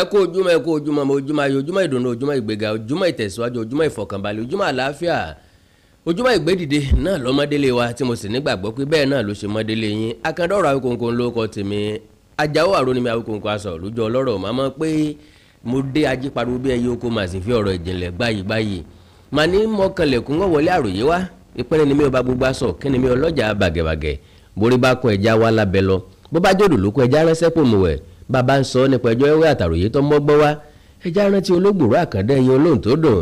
ẹ kú ojúmọ́ ẹ kú ojúmọ́ ọmọ ojúmọ́ ayọ̀ ojúmọ́ ìdùnnú ojúmọ́ ìgbéga ojúmọ́ ìtẹ̀síwájú ojúmọ́ ìfọ̀kànbalẹ̀ ojúmọ́ àlàáfíà ojúmọ́ ìgbédìde náà lọ́mọdélé wa tí mo sì nígbàgbọ́ pé bẹ́ẹ̀ náà ló ṣe mọ́délé yín akandọ́rọ̀ Awíkonko ń lóko tèmi ajáwó àrò ni mi Awíkonko aṣọ òlùjọ ọlọ́rọ̀ màmá pé mo dé ají pariwo bí ẹyẹ oko màsì fi ọ̀rọ̀ ìjìnlẹ̀ gbáyìí gbáyìí màá ní mọ́kànlẹ̀kùn wọ́n wọlé àròyé wá ìpínlẹ̀ ni mi ò bá gbogbo aṣọ kí ni mi ọlọ́jà bàgẹ̀bàgẹ̀ borí bá kọ ẹja wá lábẹ́ lọ bó bá jòdò lóko ẹja ránṣẹ́ pò bàbá ń sọ nípa ẹjọ́ ẹwẹ́ àtàròyé tó mọ́gbọ́n wá ẹjá rántí olóògbòrò àkàndá ẹyin olóhùn tó dùn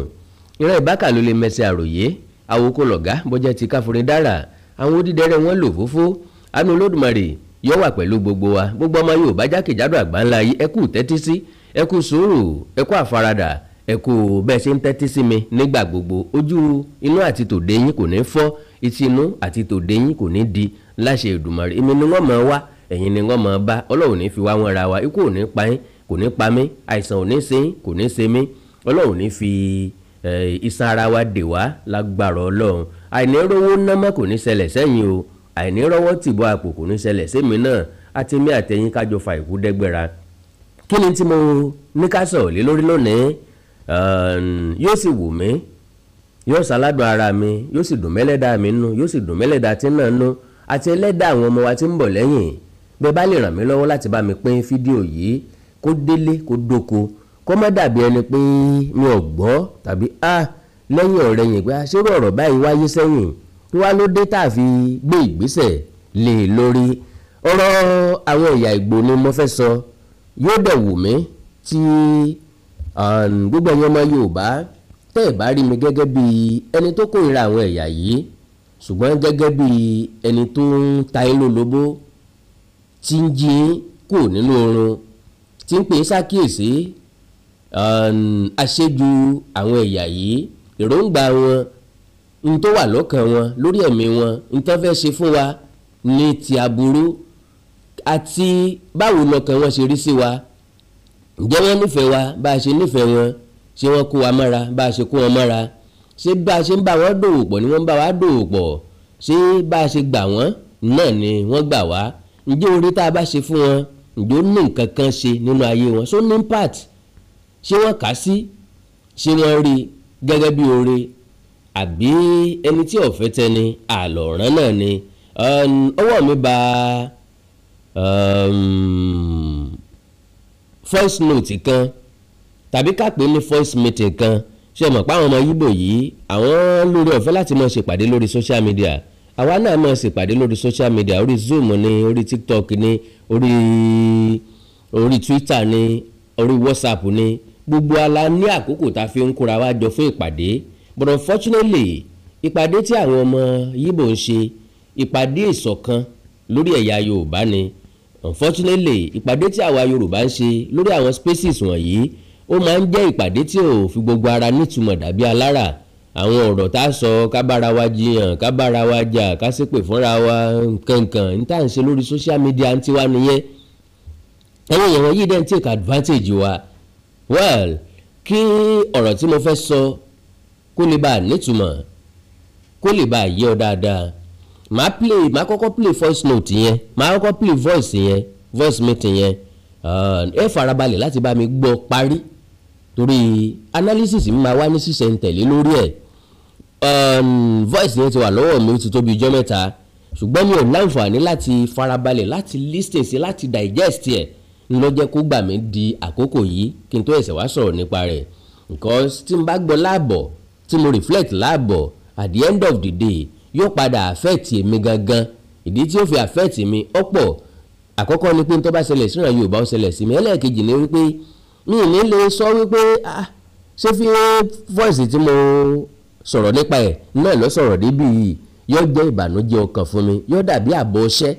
ìran ìbákà ló lè mẹsẹ̀ àròyé àwòkọ́ lọ̀gá bọ́jẹ́ ti káfúnrin dára àwọn odídẹrẹ wọn lò fófó àánú olódùmarè yọ wà pẹ̀lú gbogbo wa gbogbo ọmọ Yorùbá jákèjádò àgbáńlá yìí ẹ kú tẹ́tí sí ẹ kú sùúrù ẹ kú àfaradà ẹ kú bẹ́ẹ̀ ṣe ń tẹ́tí sí mi nígbà gbogbo ojú inú àti tòde yín kò ní fọ́ etí inú àti tòde yín kò ní di láṣẹ Èdùmàrè èmi ni wọ́n mọ̀ ọ́ wá ẹ̀yin ni wọ́n máa bá ọlọ́run ní fi wá wọn ra wa ikú ò ní pa yín kò ní pa mí àìsàn ò ní ṣe yín kò ní ṣe mí ọlọ́run ní fi iṣan ara wa dè wá lágbára ọlọ́run àìnírówó námọ́ kò ní ṣẹlẹ̀ sẹ́yìn o àìnírọ́wọ́ tìbọ̀ àpò kò ní ṣẹlẹ̀ sẹ́mi náà àti mí àtẹ̀yìn kájọ fa ìkú dẹ́gbẹ̀ra kí ni tí mo ní ká sọ̀rọ̀ lé lórí lónìí yóò sì wù mí yóò ṣàládùn ara mi yóò sì dùn mẹ́lẹ́dà mi nú yóò sì dùn mẹ́lẹ́dà tí náà nú àti ẹlẹ́dà àwọn ọmọ wa tí ń bọ̀ lẹ́yìn bẹ́ẹ̀ bá lè ràn mí lọ́wọ́ láti bá mi pín fídíò yìí kó délé kó dóko kó má dàbí ẹni pé mi ò gbọ́ tàbí a lẹ́yìn ọ̀rẹ́yìn pé aṣérò ọ̀rọ̀ báyìí wáyé sẹ́yìn kí wá ló dé tá a fi gbé ìgbésẹ̀ lé e lórí ọ̀rọ̀ àwọn ẹ̀yà Ìgbò ni mo fẹ́ sọ yóò dẹ̀ wù mí tí gbogbo ẹ̀yin ọmọ Yorùbá tẹ́ ẹ̀ bá rí mi gẹ́gẹ́ bí ẹni tó kórìíra àwọn ẹ̀yà yìí ṣùgbọ́n gẹ́gẹ́ bí ẹni tó ń ta ilé lóbó tí ń jí kò nínú oorun tí ń pè é ṣàkíyèsí àṣejù um, àwọn ẹ̀yà yìí èròǹgbà wọn n tó wà lọ́kàn wọn lórí ẹ̀mí wọn n tán fẹ́ ṣe fún wa ní ti aburú àti báwo lọ́kàn wọn ṣe rí sí wa ǹjẹ́ wọ́n nífẹ̀ẹ́ wa bá a ṣe nífẹ̀ẹ́ wọn ṣé wọ́n kó wa mọ́ra bá a ṣe kó wọn mọ́ra ṣé bá a ṣe ń bá wọn dòwò pọ̀ ni wọ́n ń bá wa dòwò pọ̀ ṣé bá a ṣe gbà wọ́n náà ni wọ́n gbà wá ǹjẹ́ oore tá a bá ṣe fún wọn ǹjẹ́ ó ní nǹkan kan ṣe nínú ayé wọn so ní part ṣé wọ́n kà á sí ṣé wọ́n rí gẹ́gẹ́ bí oore àbí ẹni tí ọ̀fẹ́ tẹni àlọ́ràn náà ni ọwọ́ mi bá voice note kan tàbí ká pè ní voice meeting kan ṣe mọ̀ pé àwọn ọmọ yíbò yìí àwọn lórí ọ̀fẹ́ láti máa ṣèpàdé lórí social media àwa náà máa ṣèpàdé lórí social media orí zoom ní orí tiktok ní orí orí twitter ní orí whatsapp ní gbogbo ala ní àkókò tá a fi ń kóra wa jọ fún ìpàdé but unfortunately ìpàdé tí àwọn ọmọ yíbò ń ṣe ìpàdé ìṣọ̀kan lórí ẹ̀yà yorùbá ni unfortunately ìpàdé tí àwa yorùbá ń ṣe lórí àwọn spaces wọ̀nyí ó máa ń jẹ́ ìpàdé tí ò fi gbogbo ara nítumọ̀ dàbí alára àwọn ọ̀rọ̀ tá a sọ ká bára wa jiyàn ká bára wa jà ká ṣépè fúnra wa kankan ní tá à ń ṣe lórí social media ń tiwa nìyẹn àwọn èèyàn wọ̀nyí dẹ́n take advantage wa well kí ọ̀rọ̀ tí mo fẹ́ sọ kó lè bá a nítumọ̀ kó lè bá a yé ọ dáadáa màá play màá kọ́kọ́ play voice note yẹn màá kọ́kọ́ play voice yẹn voice meeting yẹn ẹ farabalẹ̀ láti bá mi gbọ́ parí torí analysis mi máa wá ní sísẹ̀ntẹ̀lé lórí ẹ̀ ehm, voice yẹn ti wà lọ́wọ́ mi ó ti tó bí ijọ́ mẹ́ta ṣùgbọ́n mi ò láǹfààní láti farabalẹ̀ láti listen sí láti digest ẹ̀ ló jẹ́ kó gbà mí di àkókò yìí kí n tó ẹ̀sẹ̀ wá sọ̀rọ̀ nípa rẹ̀ because tí n bá gbọ́ láàbọ̀ tí mo reflect láàbọ̀ at the end of the day yóò padà affect èmi gangan ìdí tí ó fi affect mi ọ̀pọ̀ àkọ́kọ́ ni pé n tó bá ṣẹlẹ̀ síran Yorùbá ó ṣẹlẹ̀ sí mi ẹlẹ́ẹ̀kejì ni wípé mi ì ní lè sọ wípé ah, ah, ṣé fi voice tí mo sọ̀rọ̀ nípa ẹ̀ náà lọ sọ̀rọ̀ débi yìí yóò jẹ́ ìbànújẹ́ ọkàn fún mi yóò dàbí àbọ̀ ọṣẹ́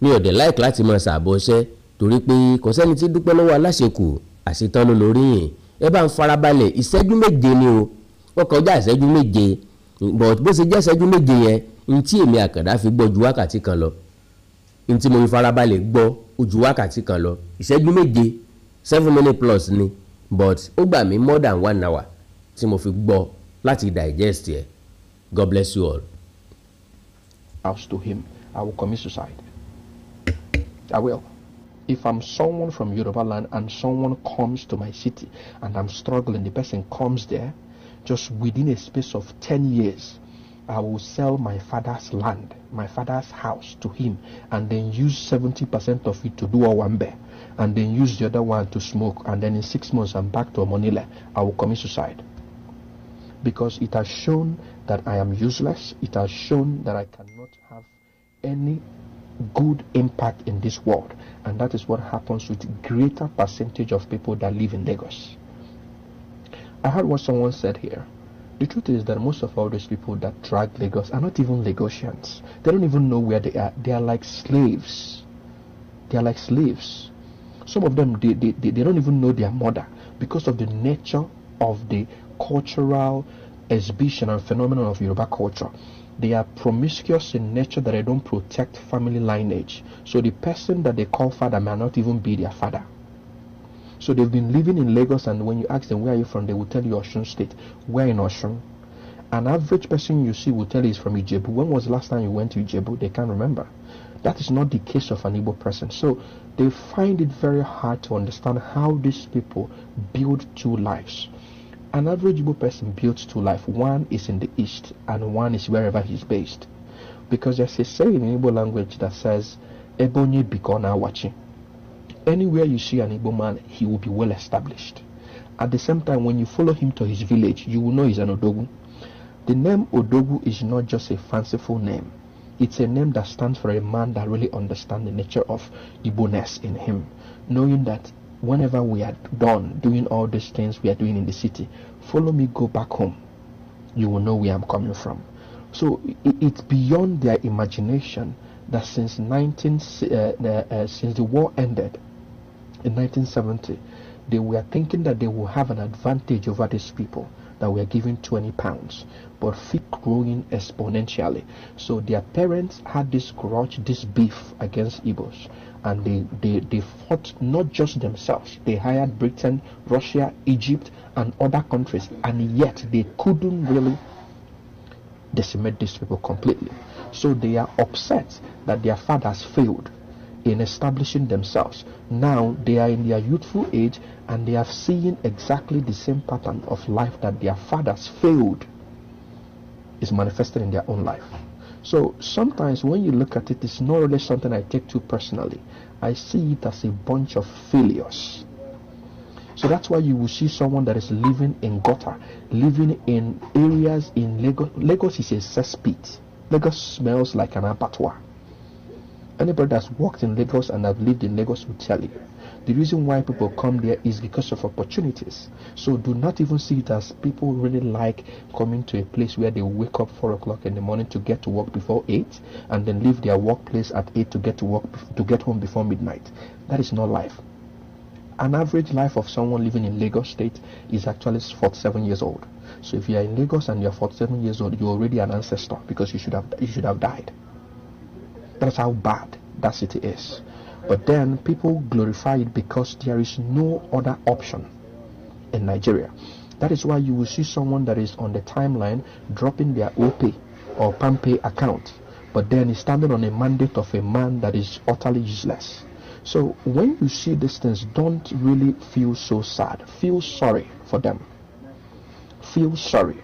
mi ò dẹ̀ láìkí láti máa ṣàbọ̀ ọṣẹ́ torí pé kò sẹ́ni tí dúpẹ́ lọ́wọ́ aláṣekù àṣetán ló lórí yìn ẹ bá ń farabalẹ̀ ìṣẹ́jú méje ni o wọ́n kọjá ìṣẹ́jú méje but bó ṣe jẹ́ ìṣẹ́jú méje yẹn n tí èmi àkàndá fi gbọ́ ju wákàtí kan lọ n tí mo fi farabalẹ̀ gbọ́ ju wákàtí kan lọ ìṣẹ́jú méje seven minute plus ni but ó gbà mí more than one hour tí mo fi gbọ́ láti digest here. God bless you all. house to him I will commit suicide I will. if I'm someone from Yoruba land and someone comes to my city and I'm struggling, the person comes there, just within a space of 10 years, I will sell my father's land, my father's house to him, and then use 70% of it to do a wambe and then use the other one to smoke and then in six months I'm back to Manila, I will commit suicide. Because it has shown that I am useless. It has shown that I cannot have any good impact in this world. And that is what happens with greater percentage of people that live in Lagos. I heard what someone said here. The truth is that most of all these people that drag Lagos are not even Lagosians. They don't even know where they are. They are like slaves. They are like slaves. Some of them, they, they, they, they don't even know their mother because of the nature of the cultural exhibition and phenomenon of Yoruba culture. They are promiscuous in nature that they don't protect family lineage. So the person that they call father may not even be their father. So they've been living in Lagos and when you ask them where are you from, they will tell you Oshun State. Where in Oshun? An average person you see will tell you is from Ijebu. When was the last time you went to Ijebu? They can't remember. That is not the case of an Igbo person. So they find it very hard to understand how these people build two lives. An average Igbo person builds two lives. One is in the east and one is wherever he's based. Because there's a saying in Igbo language that says, Ebonye Bikona Wachi. Anywhere you see an Igbo man, he will be well established. At the same time, when you follow him to his village, you will know he's an Odogu. The name Odogu is not just a fanciful name it's a name that stands for a man that really understands the nature of Igboness in him, knowing that whenever we are done doing all these things we are doing in the city, follow me, go back home. You will know where I'm coming from. So it's beyond their imagination that since 19 uh, uh, uh since the war ended in 1970, they were thinking that they will have an advantage over these people that were given 20 pounds but feet growing exponentially so their parents had this grudge this beef against Igbos and they, they, they fought not just themselves they hired Britain Russia Egypt and other countries and yet they couldn't really decimate these people completely so they are upset that their fathers failed in establishing themselves now they are in their youthful age and they have seen exactly the same pattern of life that their fathers failed is manifested in their own life. So sometimes when you look at it, it's not really something I take to personally. I see it as a bunch of failures. So that's why you will see someone that is living in gutter, living in areas in Lagos. Lagos is a cesspit. Lagos smells like an abattoir. Anybody that's worked in Lagos and have lived in Lagos will tell you the reason why people come there is because of opportunities. So do not even see it as people really like coming to a place where they wake up four o'clock in the morning to get to work before eight, and then leave their workplace at eight to get to work to get home before midnight. That is not life. An average life of someone living in Lagos State is actually 47 years old. So if you are in Lagos and you are 47 years old, you're already an ancestor because you should have you should have died. That's how bad that city is. But then people glorify it because there is no other option in Nigeria. That is why you will see someone that is on the timeline dropping their OP or PAMPay account, but then is standing on a mandate of a man that is utterly useless. So when you see these things, don't really feel so sad. Feel sorry for them. Feel sorry.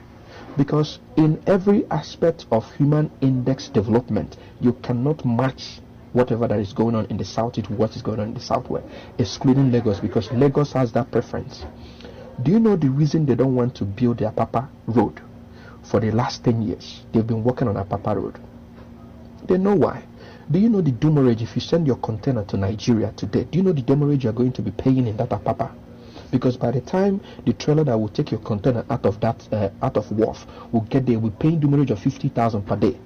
Because in every aspect of human index development, you cannot match whatever that is going on in the south to what is going on in the southwest, excluding Lagos because Lagos has that preference. Do you know the reason they don't want to build the Apapa Road? For the last 10 years, they've been working on Apapa Road. They know why. Do you know the demurrage if you send your container to Nigeria today? Do you know the demurrage you're going to be paying in that Apapa? because by the time the trailer that will take your container out of that uh, out of wharf will get there, we are paying demurrage of fifty thousand per day.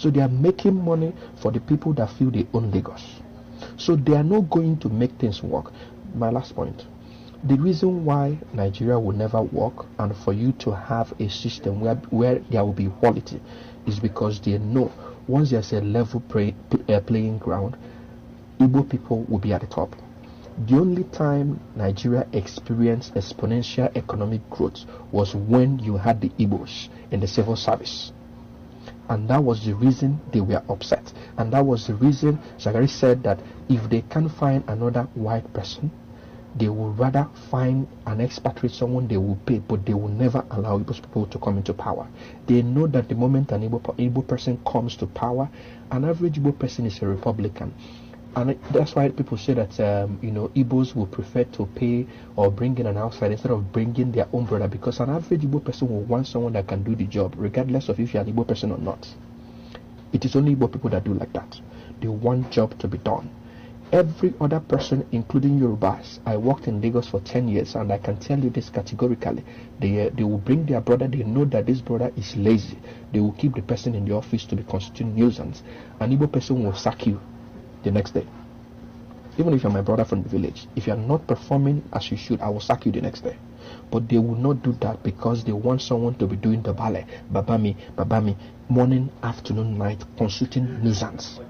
So they are making money for the people that feel they own Lagos. So they are not going to make things work. My last point. The reason why Nigeria will never work and for you to have a system where, where there will be quality, is because they know once there's a level play, uh, playing ground, Igbo people will be at the top. The only time Nigeria experienced exponential economic growth was when you had the Igbos in the civil service and that was the reason they were upset and that was the reason Zachary said that if they can't find another white person they would rather find an expatriate someone they will pay but they will never allow Igbo people to come into power they know that the moment an Igbo, person comes to power an average Igbo person is a Republican and that's why people say that um, you know Igbos will prefer to pay or bring in an outsider instead of bringing their own brother because an average Igbo person will want someone that can do the job regardless of if you're an Igbo person or not. It is only Igbo people that do like that. They want job to be done. Every other person, including Yorubas, I worked in Lagos for 10 years and I can tell you this categorically. They, uh, they will bring their brother, they know that this brother is lazy. They will keep the person in the office to be constituting nuisance. An Igbo person will sack you the next day. Even if you're my brother from the village, if you're not performing as you should, I will sack you the next day. But they will not do that because they want someone to be doing the ballet, babami, babami, morning, afternoon, night, consulting nuisance.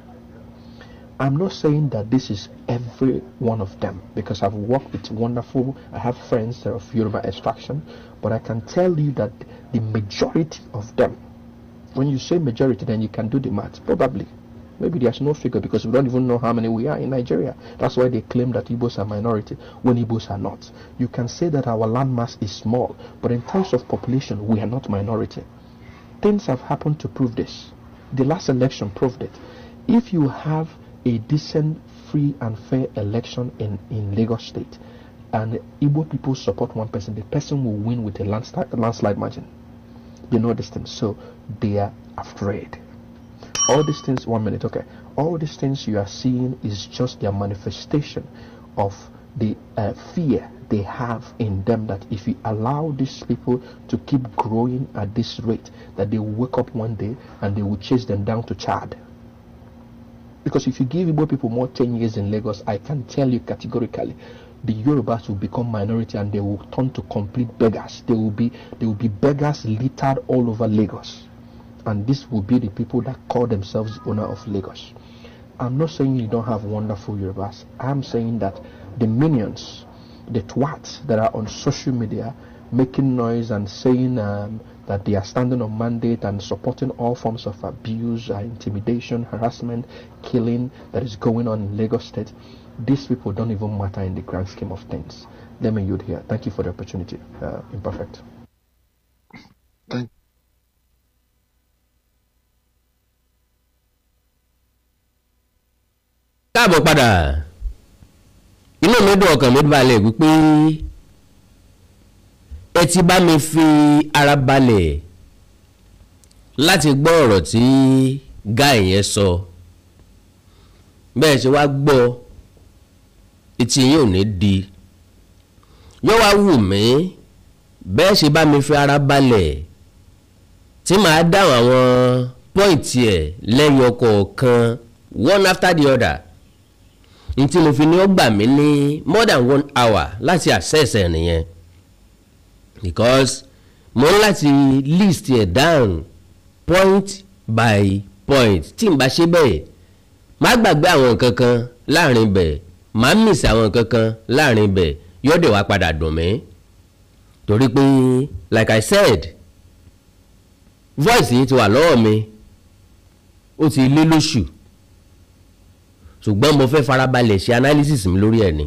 I'm not saying that this is every one of them because I've worked with wonderful, I have friends of Yoruba extraction, but I can tell you that the majority of them, when you say majority, then you can do the math, probably Maybe there's no figure because we don't even know how many we are in Nigeria. That's why they claim that Igbos are minority when Igbos are not. You can say that our landmass is small, but in terms of population, we are not minority. Things have happened to prove this. The last election proved it. If you have a decent, free and fair election in, in Lagos State, and Igbo people support one person, the person will win with a landslide, landslide margin. You know this thing. So they are afraid all these things one minute okay all these things you are seeing is just their manifestation of the uh, fear they have in them that if you allow these people to keep growing at this rate that they will wake up one day and they will chase them down to chad because if you give Igbo people more 10 years in Lagos, I can tell you categorically, the Yorubas will become minority and they will turn to complete beggars. They will be they will be beggars littered all over Lagos and this will be the people that call themselves owner of Lagos. I'm not saying you don't have wonderful Yorubas. I'm saying that the minions, the twats that are on social media making noise and saying um, that they are standing on mandate and supporting all forms of abuse, uh, intimidation, harassment, killing that is going on in Lagos State, these people don't even matter in the grand scheme of things. Let me yield here. Thank you for the opportunity. Uh, imperfect. káàbọ̀ padà inú mi dùn ọkàn mi balẹ̀ wípé ẹ ti bá mi fi ara balẹ̀ láti gbọ́ ọ̀rọ̀ tí guy yẹn sọ bẹ́ẹ̀ ṣe wá gbọ́ etí yín ò ní di yóò wá wù mí bẹ́ẹ̀ ṣe bá mi fi ara balẹ̀ tí màá dáhùn àwọn pọ́ìntì ẹ̀ lẹ́yọ kọ̀ọ̀kan one after the other n tí mo fi ní ó gbà mí ní more than one hour láti access ẹ̀ nìyẹn because mo ń láti list ẹ̀ down point by point tí n bá ṣe bẹ́ẹ̀ má gbàgbé àwọn nǹkan kan láàrin bẹ̀ má miss àwọn nǹkan kan láàrin bẹ̀ yóò dé wá padà dùn mí torí pé like I said voice yìí ti wà lọ́wọ́ mi ó ti lé lóṣù ṣùgbọ́n mo fẹ́ farabalẹ̀ ṣe analysis mi lórí ẹ̀ ni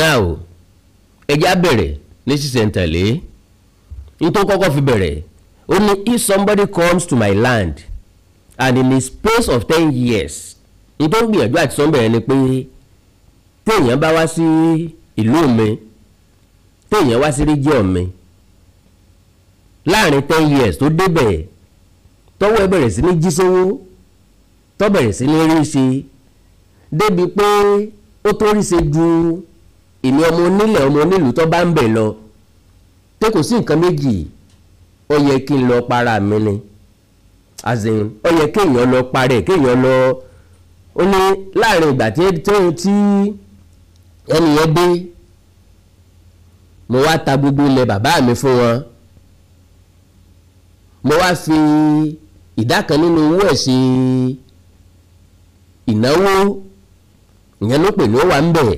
now ẹja bẹ̀rẹ̀ ní sísẹ̀ntẹ̀lé n tó kọ́kọ́ fi bẹ̀rẹ̀ ó ní if somebody comes to my land and in the space of ten years n tó ń gbìyànjú àti sọ́nbẹ̀rẹ̀ ni pé téèyàn bá wá sí ìlú mi téèyàn wá sí region mi láàrin ten years tó débẹ̀ tọ́wọ́ ẹ bẹ̀rẹ̀ sí ní jí sówó tọ́ bẹ̀rẹ̀ sí ní rí ṣe débi pé ó tó rí ṣe ju èmi ọmọ onílẹ̀ ọmọ onílùú tó bá ń bẹ̀ lọ pé kò sí nǹkan méjì ó yẹ kí n lọ para mi ni azin ó yẹ kéèyàn lọ parẹ́ kéèyàn lọ ó ní láàrin ìgbà tí ẹni dé mo wá ta gbogbo ilẹ̀ bàbá mi fún wọn mo wá fi ìdá kan nínú owó ẹ̀ ṣe ìnáwó ìyẹn ló pè ní ó wà ń bẹ̀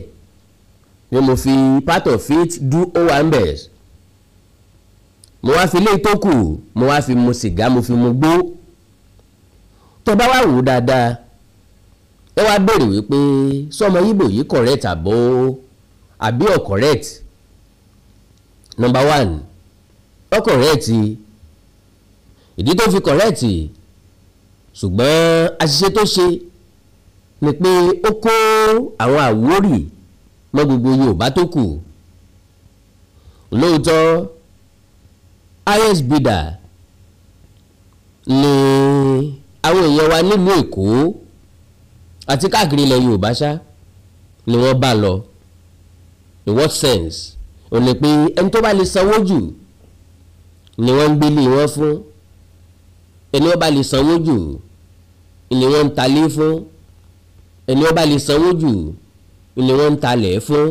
ni mo fi part of it do ó wà ń bẹ̀ mo wá fi ilé tó kù mo wá fi mu sìgá mo fi mu gbó tó bá wà wò dáadáa ẹ wá béèrè wípé sọmọ yíbò yìí correct àbó àbí ọ̀ correct number one ọ correct ìdí tó fi correct ṣùgbọ́n àṣìṣe tó ṣe ni pé ó kó àwọn àwórì mọ́ gbogbo Yorùbá tó kù lóòótọ́ highest bidder ni àwọn èèyàn wa nílùú Èkó àti káàkiri ilẹ̀ Yorùbá ṣá ni wọ́n bá lọ in what sense ò ní pé ẹni tó bá lè sanwó jù ni wọ́n ń gbélé wọn fún ẹni wọ́n bá lè sanwó jù ni wọ́n ń talé fún ẹni ó bá lè sanwó jù ni wọ́n ń talẹ̀ fún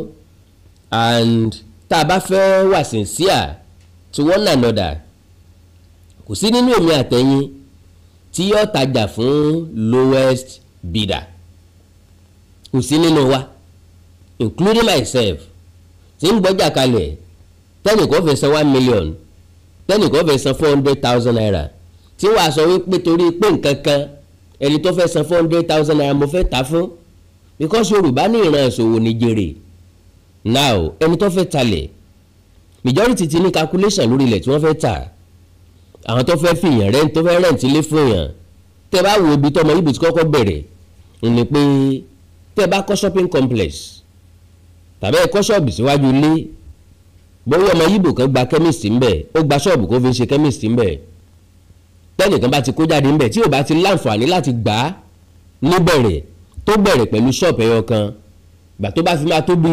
and tá a bá fẹ́ wà sincere to one another kò sí nínú èmi àtẹ̀yìn tí yóò tajà fún lowest bidder kò sí nínú wa including myself tí ń gbọ́jà kalẹ̀ tẹ́nìkan fẹ́ san one million tẹ́nìkan fẹ́ san four hundred thousand naira tí wàá sọ wípé torí pé nǹkan kan ẹni tó fẹ́ san four hundred thousand naira mo fẹ́ ta fún because yorùbá ní ìran ìṣòwò ní now ẹni tó fẹ́ talẹ̀ majority ti ní calculation lórí ilẹ̀ tí wọ́n fẹ́ ta àwọn tó fẹ́ fìyàn rent tó fẹ́ rent ilé fún yàn tẹ́ bá wo ibi tọmọ ibi tí kọ́kọ́ bẹ̀rẹ̀ ni pé tẹ́ bá kọ́ shopping complex tàbí ẹ kọ́ ṣọ́ọ̀bù síwájú ilé bọ́wọ́ ọmọ yìbò kan gba chemist ńbẹ̀ ó gba ṣọ́ọ̀bù kó fi ṣe chemist ńbẹ̀ tẹ́nìkan bá ti kó jáde ńbẹ̀ tí ò bá ti láǹfààní láti gbà á níbẹ̀rẹ̀ tó bẹ̀rẹ̀ pẹ̀lú ṣọ́ọ̀pù ẹyọ kan gbà tó bá fi máa tó bí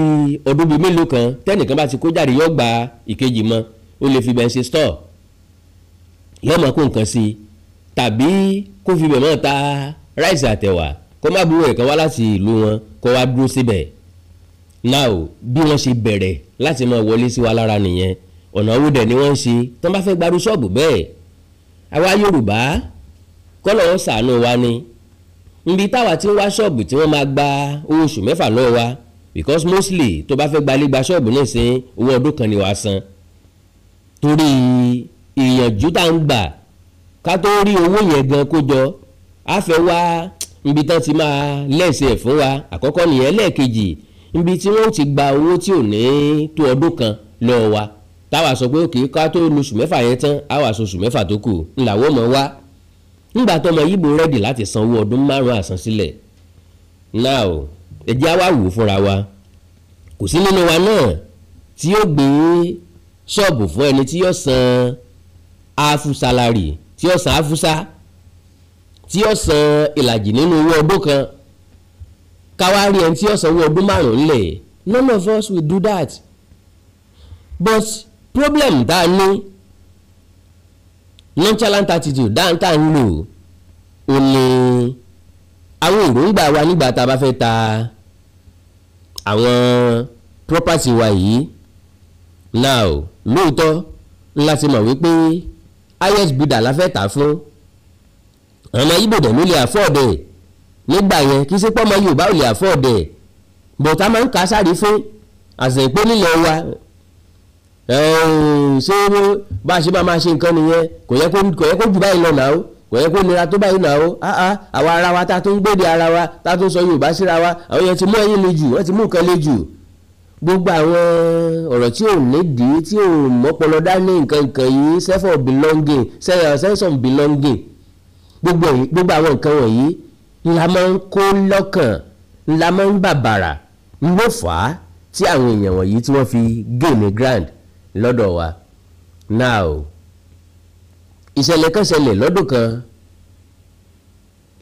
ọdún bíi mélòó kan tẹ́nìkan bá ti kó jáde yọ gba ìkejì mọ́ ó lè fi bẹ́ẹ̀ ṣe stọ́ọ̀ yóò máa kó nǹkan sí i tàbí kó fi bẹ̀ máa ta ráìsì àtẹ̀wà kó má burú ẹ̀kan wá láti ìlú wọn kó wá dúró síbẹ̀ náà bí wọ́n ṣe bẹ̀rẹ̀ láti máa wọlé sí wa lára nìyẹn ọ̀nà owó ni wọ́n ń ṣe tán bá fẹ́ gbarú ṣọ́ọ̀bù bẹ́ẹ̀ àwa Yorùbá kọ́lọ̀ ń ṣàánú wa ni nbi táwa ti ń wá ṣọ́ọ̀bù tí wọ́n máa gba owó oṣù mẹ́fà náà wa because mostly tó bá fẹ́ gbalé gba ṣọ́ọ̀bù náà sí owó ọdún kan ni wàá san torí ìyànjú tá ń gbà ká tó rí owó yẹn gan kó jọ á fẹ́ wá nbi tán ti máa lẹ́sẹ̀ fún wa àkọ́kọ́ nìyẹn lẹ́ẹ̀kejì nbi tí wọ́n ti gba owó tí ò ní tó ọdún kan lọ́ọ́ wa táwa sọ pé òkè ká tó lóṣù mẹ́fà yẹn tán àwa sọṣù mẹ́fà tó kù ńláwọ́ mọ̀ wá ńgbà tọmọ yíbo rẹ́dì láti sanwó ọdún márùn-ún àsansílẹ̀ náà o ẹ̀jẹ̀ àwa wò fúnra wa kò sí nínú wa náà tí yóò gbé ṣọ́ọ̀bù fún ẹni tí yóò san afusalari tí yóò san afusa tí yóò san ìlàjì nínú owó ọdún kan káwá ẹni tí yóò san owó ọdún márùn-ún lẹ̀ none of us will do that but problem tá a ní nonchalant attitude dáńtà ń lò ó ní àwọn èròǹgbà wa nígbà tá a bá fẹ́ ta àwọn property wa yìí now lóòótọ́ ńlá ti mọ̀ wípé highest bidder la fẹ́ tà fún ọmọ ibo dẹ̀ ló lè afford ẹ̀ nígbà yẹn kì í ṣe pé ọmọ Yorùbá ò lè afford ẹ̀ but a máa ń kà á sáré fún àṣẹ ìpínlẹ̀ wa ṣé bá a ṣe bá máa ṣe nǹkan nìyẹn kò yẹ kó jù báyìí lọ náà o kò yẹ kó nira tó báyìí náà o ah, ah, àwa ara wa ta tó ń gbèdè ara wa ta tó ń sọ Yorùbá síra wa àwọn yẹn ti mú ẹyin le jù wọ́n ti mú nǹkan le jù gbogbo àwọn ọ̀rọ̀ tí ò nídìí tí ò mọ́pọlọ dání nǹkan nǹkan yìí sense of belonging sense of gbogbo àwọn nǹkan wọ̀nyí la máa ń kó lọ́kàn la máa ń bàbàrà ń tí àwọn èèyàn wọ̀nyí tí wọ́n fi gé ní grand lọ́dọ̀ wa náà o ìṣẹ̀lẹ̀ kan ṣẹlẹ̀ lọ́dún kan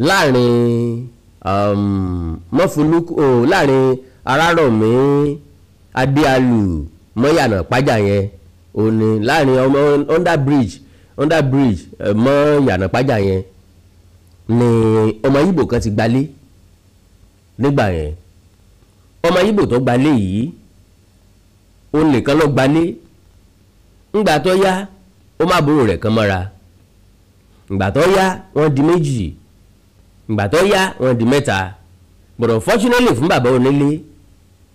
láàrin um, mọ́fúlùkù láàrin arárọ̀mí adéalù mọ́yànà pàjá yẹn òní láàrin ọmọ under bridge under bridge mọ́yànà pàjá yẹn ni ọmọ yìbò kan ti gbalé nígbà yẹn ọmọ yìbò tó gbalé yìí òun nìkan ló gbalé ńgbà tó yá ó má bòrò rẹ̀ kan mọ́ra ńgbà tó yá wọ́n di méjì ńgbà tó yá wọ́n di mẹ́ta but unfortunately fún bàbá onílé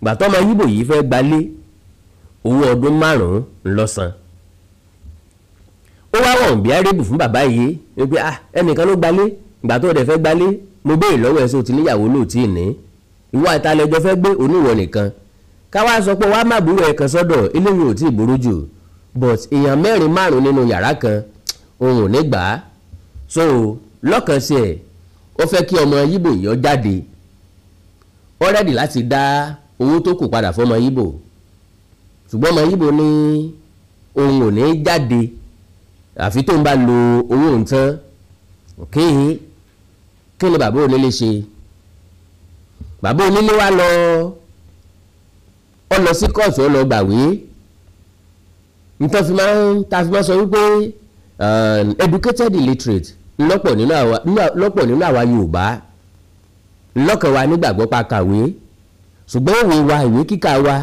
ńgbà tó ọmọ yíbò yìí fẹ́ gbalé owó ọdún márùn-ún ńlọ́sàn ó wá wọ̀n bí arébù fún bàbá yìí wípé ah ẹnìkan ló gbalé ìgbà tó dẹ̀ fẹ́ gbalé mo béèrè lọ́wọ́ ẹ̀ sọ ti níyàwó lóòtì ní ìwà ìtàlẹ́jọ́ fẹ́ gbé oníwọ̀ nìkan káwá sọ pé wàá má burú ẹ̀ kan sọ́dọ̀ eléyìí ò tí burú jù but èèyàn mẹ́rin márùn nínú yàrá kan òun ò ní gbà á so lọ́kàn sí ẹ̀ ó fẹ́ kí ọmọ yíbò yìí ó jáde ó rẹ́dì láti dá owó tó kù padà fọmọ yíbò ṣùgbọ́n ọmọ yíbò ní òun ò ní jáde àfi tó ń bá lo owó òun tán òkè kí ni bàbá onílé ṣe bàbá onílé wa lọ ọ lọ sí kóòtù ọ lọ gbàwé nítorí fi máa ń ta fi máa sọ wípé eh, educated illiterate lọ́pọ̀ nínú àwa lọ́pọ̀ nínú àwa Yorùbá lọ́kàn wa nígbàgbọ́ pa kàwé ṣùgbọ́n òwe wa ìwé kíkà wa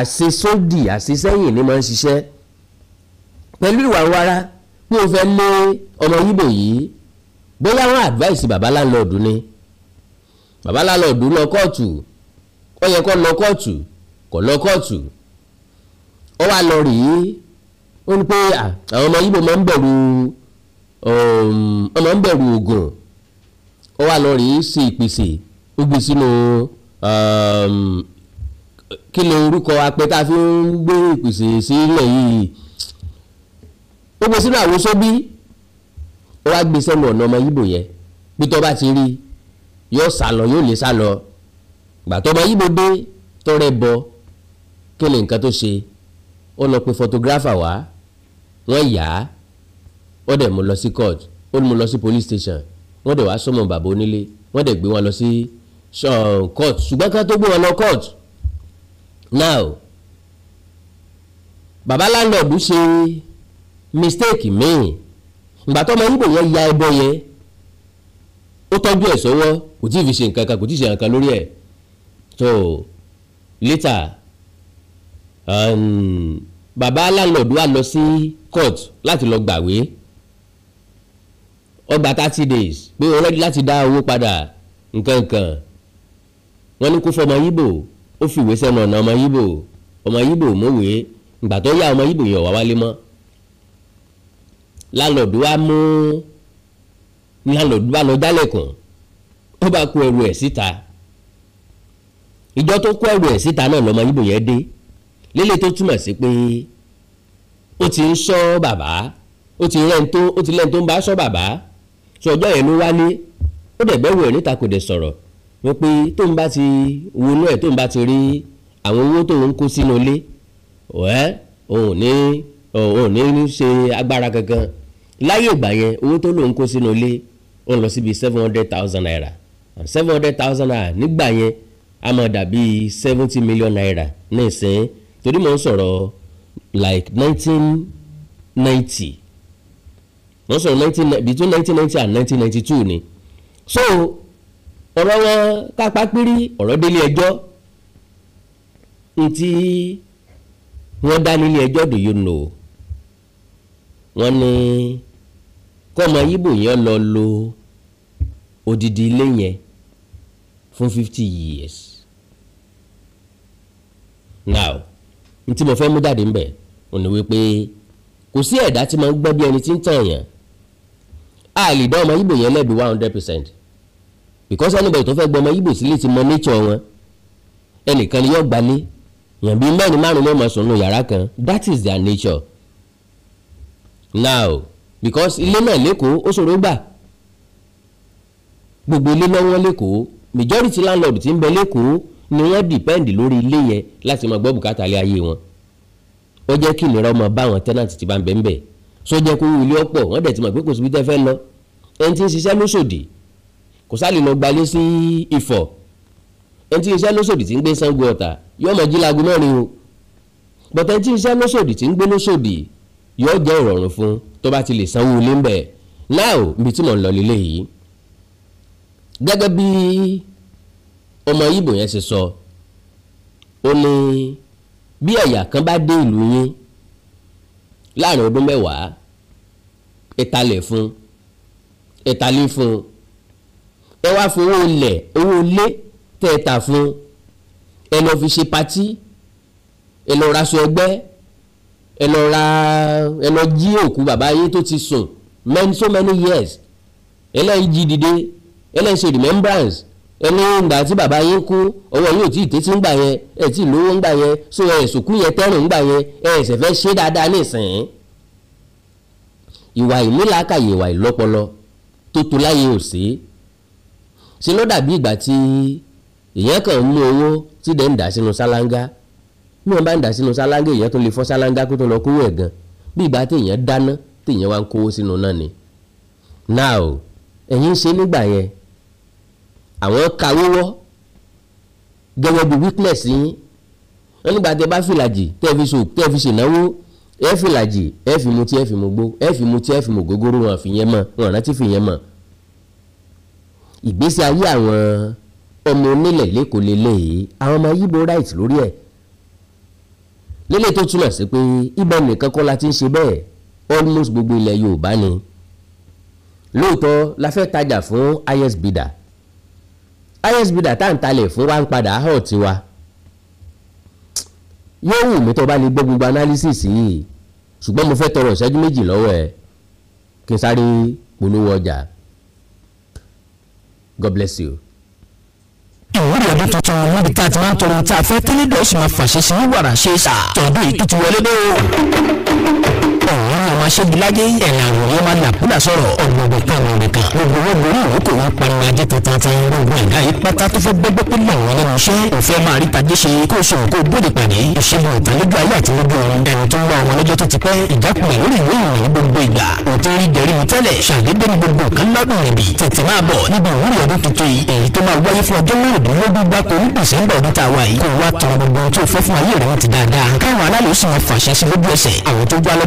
àṣesódì àṣesẹ́yìn ni máa ń ṣiṣẹ́ pẹ̀lú ìwà wara pé o fẹ́ lé ọmọ yíbò yìí bóyá wọn advice bàbá láńlọ́ọ̀dù ni bàbá láńlọ́ọ̀dù lọ kóòtù ó yẹ kó lọ kóòtù kó lọ kóòtù wà lọ rèé ó ní pé àwọn ọmọ Ìgbò máa ń bẹ̀rù um, ọmọ ń bẹ̀rù oògùn ó wà lọ rèé ṣe ìpèsè ó gbé sínú um, kí ni orúkọ apẹ a fi ń gbé ìpèsè sílẹ̀ yìí ó gbé sínú àwòsó bí ó wá gbé sẹ́nu ọ̀nà ọmọ Ìgbò yẹn bí tó bá ti rí yóò sá lọ yóò lè sá lọ gbàtọ́ ọmọ Ìgbò dé tó bọ kí ni nǹkan tó ṣe ó lọ pe photographer wá wọ́n yà á wọ́n dẹ̀ mú lọ sí court ó mú lọ sí police station wọ́n dẹ̀ wá sọ́mọ bàbá onílé wọ́n dẹ̀ gbé wọn lọ sí court ṣùgbọ́n ká tó gbé wọn lọ court now bàbá landlord ṣe mistake míì ìgbà tó ọmọ yìí bò yẹn ya ẹbọ yẹn ó tọ́jú ẹ̀ sọ́wọ́ kò tí ì fi ṣe nǹkan kan kò tí ì ṣe nǹkan lórí ẹ̀ so later um, bàbá landlord wa lọ sí court láti lọ gbàwé ó gba thirty days pé ó ready láti dá owó padà nǹkan kan wọ́n ní kó ọmọ yíbò ó fìwé sẹ́nu ọ̀nà ọmọ yíbò ọmọ yíbò mọ̀wé ìgbà tó yá ọmọ yíbò yẹn wá wálé mọ́ landlord wa mú landlord wa lọ jálẹ̀kùn ó bá kó ẹrù ẹ̀ síta ìjọ tó kó ẹrù ẹ̀ síta náà lọ́mọ yíbò yẹn dé. lílé tó túmọ̀ sí pé ó ti ń sọ bàbá ó ti lẹ́ni tó ó ti lẹ́ni tó ń bá sọ bàbá sọ ọjọ́ yẹn ló wálé ó dẹ̀ bẹ́ẹ̀ wò ẹ̀ níta kò dẹ̀ sọ̀rọ̀ wọ́n pé tó ń bá ti wọnú ẹ̀ tó ń bá ti rí àwọn owó tó ń kó sínú ilé ọ̀ẹ́ òun ní òun ní ṣe agbára kankan láyé ìgbà yẹn owó tó lòun kó sínú ilé ó lọ síbi seven hundred thousand naira seven hundred thousand naira nígbà yẹn a máa dàbí seventy million naira ní ìsín torí mò ń sọ̀rọ̀ like 1990, ninety mò ń sọ̀rọ̀ between 1990 and 1992. ni so ọ̀rọ̀ wọn kápá pírí ọ̀rọ̀ délé ẹjọ́ ntí wọ́n dá nílé ẹjọ́ do you know wọ́n ní kọ́mọ yíbò yẹn lọ lo odidi ilé yẹn fún fifty years now tí mo fẹ́ mú jáde ń bẹ̀ òun ni wípé kò sí ẹ̀dá tí máa ń gbọ́ bí ẹni tí ń tàn yàn a lè dá ọmọ Ìgbò yẹn lẹ́bi one hundred percent because anybody tó fẹ́ gbọ́ ọmọ Ìgbò sílé ti mọ nature wọn ẹnìkan ni yóò gbalé yàn bí mẹ́rin márùn ló mọ̀ sùn nù yàrá kan that is their nature now because ilé náà lẹ́kọ̀ọ́ ó ṣòro gbà gbogbo ilé lọ́wọ́ lẹ́kọ̀ọ́ majority landlord ti ń bẹ lẹ́kọ̀ọ́ ni wọ́n dìpẹ́ǹdì lórí ilé yẹn láti máa gbọ́ bùkátà ilé ayé wọn ó jẹ́ kí ìnira ọmọ bá àwọn tẹ́nàtì ti bá ń bẹ̀ ń bẹ̀ só jẹ́ kó wù ilé ọ̀pọ̀ wọ́n dẹ̀ ti mọ̀ pé kò síbi tẹ́ fẹ́ lọ ẹni tí ń ṣiṣẹ́ lóṣòdì kò sálè lọ gbalé sí Ifọ̀ ẹni tí ń ṣiṣẹ́ lóṣòdì ti ń gbé Sango Ọ̀tà yóò mọ̀ jí láago mẹ́rin o bọ̀tẹ́ ẹni tí ń ṣiṣẹ́ lóṣòdì ti ń gbé lóṣòdì yóò jẹ́ ìrọ̀rùn fún tó bá ti lè sanwó ilé ń bẹ̀ láò ibi tí mò ń lọ lélẹ́yìí gẹ́gẹ́ bíi ọmọ Ìgbò yẹn ṣe sọ ó ní bí ẹ̀yà kan bá dé ìlú yín láàrin ọdún mẹ́wàá ìtalẹ̀ fún ìtalẹ̀ fún ẹ wá fún owó ilẹ̀ owó ilé tẹ́ ẹ ta fún ẹ lọ fi ṣe patí ẹ lọ ra aṣọ ẹgbẹ́ ẹ lọ ra ẹ lọ jí òkú bàbá yín tó ti sùn many so many years ẹ lẹ́yìn jí dìde ẹ lẹ́yìn ṣe remembrance ẹni ìgbà tí bàbá yín kú ọwọ́ yóò tí ì tẹ́tí ń gbà yẹn ẹ̀ tí ì lówó ń gbà yẹn so ẹ̀ sòkú yẹn tẹ́rùn ń gbà yẹn ẹ̀ ẹ̀sẹ̀ fẹ́ ṣe dáadáa nísìnyí. ìwà ìmúlákàyè ìwà ìlọ́pọlọ tó tó láyé ò sí ṣe ló dàbí ìgbà tí èèyàn kàn mú owó tí dẹ̀ dà sínú sálángá bí wọ́n bá ń dà sínú sálángá èèyàn tó lè fọ́ sálángá kó tó lọ kówó ẹ̀ ni. now ẹ̀yin ṣe nígbà àwọn ka wíwọ́ gẹ́gẹ́ bí weakness yín wọ́n nígbà tẹ́ bá fìlàjì tẹ́ fi so tẹ́ fi ṣènáwó ẹ fìlàjì ẹ fi mu tí ẹ fi mu gbó ẹ fi mu tí ẹ fi mu gógóró wọn fi yẹn mọ wọn rántí fi yẹn mọ ìgbésí ayé àwọn ọmọ onílẹ̀ lẹ́kọ̀ọ́ lélẹ́yìí àwọn ọmọ yíbo right lórí ẹ̀ lélẹ́yìí tó túmọ̀ sí pé ibẹ̀ nìkan kọ́ la ti ń ṣe bẹ́ẹ̀ almost gbogbo ilẹ̀ Yorùbá ni lóòótọ́ la fẹ́ tajà fún highest bidder highest bidder tá à ń talẹ̀ fún wa ń padà hàn tiwa yóò wù mí tó bá lè gbọ́ gbogbo analysis yìí ṣùgbọ́n mo fẹ́ tọrọ ìṣẹ́jú méjì lọ́wọ́ ẹ̀ kí n sáré polówó ọjà God bless you ìwúrí ọdún tuntun níbi tá a ti máa ń tọrọ tí a fẹ́ tẹ́lẹ̀ dọ̀ọ́sì máa wàrà ṣe é sà tọ̀dún yìí wọlé dé o aṣẹ́giláyé ẹ̀rìn àwòrán máa làkúlà sọ̀rọ̀ ọ̀gbọ̀gbọ̀ kan ọ̀rẹ́ kan gbogbo wọn gbòòrò òun kò wọ́n pariwo ajé tuntun ti gbogbo ẹ̀dá yìí pátá tó fẹ́ gbẹ́gbẹ́ pé mọ̀ wọn lẹ́nu iṣẹ́ òfẹ́ máa rí tajé ṣe kó sọ̀rọ̀ kó bóde pàdé ìṣègùn ìtàn ayé àti lójú ọ̀run ẹ̀rù tó ń wá wọn lọ́jọ́ tó ti pẹ́ ìjákulẹ̀ lórí ìwé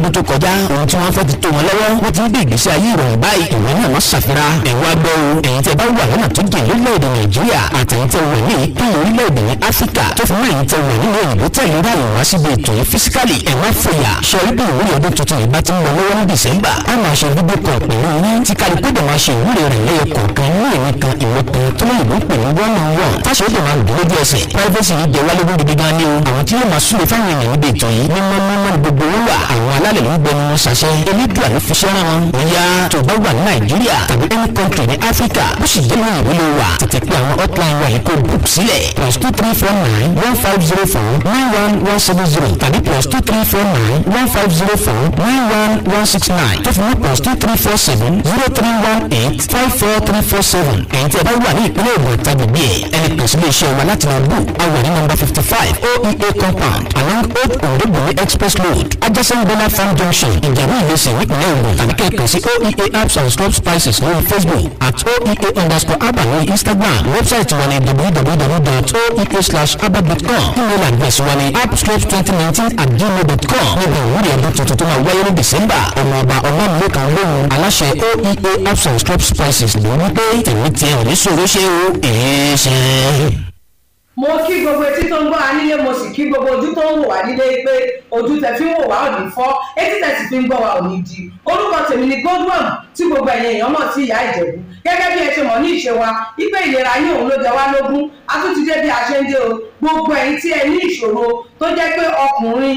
ìròyìn a wà tí wọ́n fẹ́ ti tó wọn lọ́wọ́ wọ́n ti ń gbé ìgbésí ayé ìrọ̀rùn báyìí ìwé náà wọ́n ṣàfira ẹ̀wọ́ agbọ́ o ẹ̀yin tẹ́ bá wà lọ́nà tó jìn lórílẹ̀‐èdè nàìjíríà àtẹ̀yìn tẹ́ wà ní ìpínlẹ̀ orílẹ̀‐èdè ní áfíríkà tó fi mẹ́rin tẹ́ wà nínú òyìnbó tẹ̀lé ráàyè wá síbi ètò yìí físíkàlì ẹ̀wọ́ fòyà sọ ibi ìwúrí ọdún tuntun yìí bá a máa àṣẹ onídùú àrífiṣẹ́ rán wọn. bóyá tògbọ́ wà ní nàìjíríà tàbí any country ní áfíríkà bó sì yẹ máa wúlò wà tètè pé àwọn hotline wa yìí kò bùk sílẹ̀ plus two three four nine one five zero four nine one one seven zero tàbí plus two three four nine one five zero four nine one one six nine tó fi mú plus two three four seven zero three one eight five four three four seven ẹ̀yìn tí ẹ bá wà ní ìpínlẹ̀ Ògùn ìtajà bí ẹ̀ ẹni pèsè ilé iṣẹ́ wa láti máa bù awọ ní nọ́mbà fifty five oea compound along old òǹdógbòmí express road ajásẹ́ńgbọ́lá farm junction ìjà Yahoo Racing nípínlẹ̀ Ògùn tàbí kẹ̀kẹ́ sí OEA apps and scrub spices on Facebook at OEA underscore abba lórí Instagram wẹ́bsáìtì wa ni www.oea/abba.com email address wa ni appscrubs2019 at gmail.com níbi ìwúrí ọdún tuntun tó máa wáyé ní December ọmọ ọba I'll share OEA apps and scrub spices ló ń pé tèmi tiẹ̀ ò ní sòro ṣe o ẹ̀ẹ́ mo kí gbogbo etí tó ń gbọ́ wa nílé mo sì kí gbogbo ojú tó ń wò wá nílé pé ojú tẹ fi ń wò wá ò ní fọ́ etí tẹ sì fi ń gbọ́ wa ò ní di orúkọ tèmi ni Goldwam tí gbogbo ẹ̀yin èèyàn mọ̀ sí ìyá ìjẹ̀bú gẹ́gẹ́ bí ẹ ṣe mọ̀ ní ìṣe wa ipe ìlera yín òun ló jẹ wá lógún a tún ti dé bí a ṣe ń dé o gbogbo ẹ̀yin tí ẹ ní ìṣòro tó jẹ́ pé ọkùnrin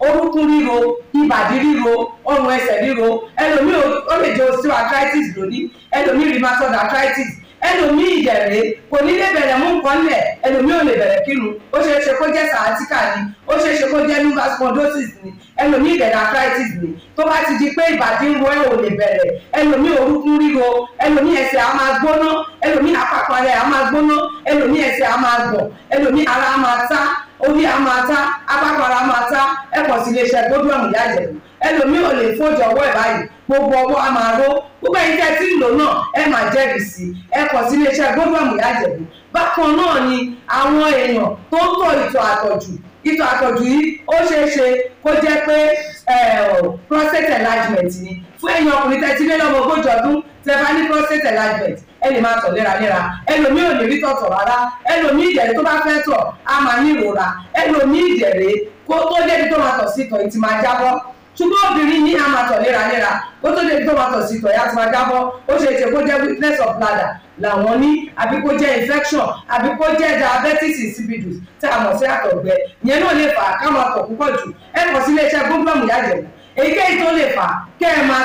orúkún ríro ibàdí ríro ọrùn ẹsẹ̀ ríro ẹlòmíì ó lè jẹ osteoarthritis lónìí ẹlòmíì rheumatoid arthritis ẹlòmíì ìdẹ̀rẹ̀ kò ní lè bẹ̀rẹ̀ mú nǹkan lẹ̀ ẹlòmíì ò lè bẹ̀rẹ̀ kírun ó ṣeé ṣe kó jẹ́ sciatica ni ó ṣeé ṣe kó jẹ́ lumbar spondylosis ni ẹlòmíì ìdẹ̀rẹ̀ arthritis ni tó bá ti di pé ìbàdí ń ro ẹ̀ ò lè bẹ̀rẹ̀ ẹlòmíì orúkún ríro ẹlòmíì ẹsẹ̀ á máa gbóná ẹlòmíì àpapọ̀ á máa gbóná ẹlòmíì ẹsẹ̀ á máa gbọ̀n ẹlòmíì ara á máa tá orí a máa ta abápara máa ta ẹ pọ̀ sí iléeṣẹ́ gbójú ọ̀hún jáde ẹlòmíì ò lè fóòjọ ọwọ́ ẹ̀ báyìí gbogbo ọwọ́ a máa ró gbogbo ẹ̀yin tẹ́ tí ń lò náà ẹ máa jẹ́rìí sí ẹ pọ̀ sí iléeṣẹ́ gbójú ọ̀hún jáde bákan náà ni àwọn èèyàn tó ń tọ̀ ìtọ̀ àtọ̀jù ìtọ̀ àtọ̀jù yìí ó ṣeé ṣe kó jẹ́ pé prostate enlargement ni fún ẹ̀yin ọkùnrin tẹ́ ti lé lọ́mọ ogójì ọdún tẹ̀fà ní prostate enlargement ẹ lè máa tọ̀ léraléra ẹlòmíì ò lè rí tọ̀tọ̀ rárá ẹlòmíì ìjẹ̀rẹ̀ tó bá fẹ́ tọ̀ á máa ní ìrora ẹlòmíì ìjẹ̀rẹ̀ kó tó débi tó máa tọ̀ sí tọ̀ ìtì máa jábọ́ ṣùgbọ́n obìnrin ní a máa tọ̀ léraléra kó tó débi tó máa tọ̀ sí tọ̀ ìyá ti máa jábọ́ ó ṣe é ṣe kó jẹ́ weakness of bladder làwọn ní àbí kó jẹ́ infection àbí kó jẹ́ diabetes insipidus tí a mọ̀ sí àtọ̀gbẹ ìyẹn náà lè fà ká máa tọ̀ púpọ̀ jù ẹ kàn sí iléeṣẹ́ gómìnà ìyá jẹ̀wò èyíkéyìí tó lè fà kẹ́ ẹ máa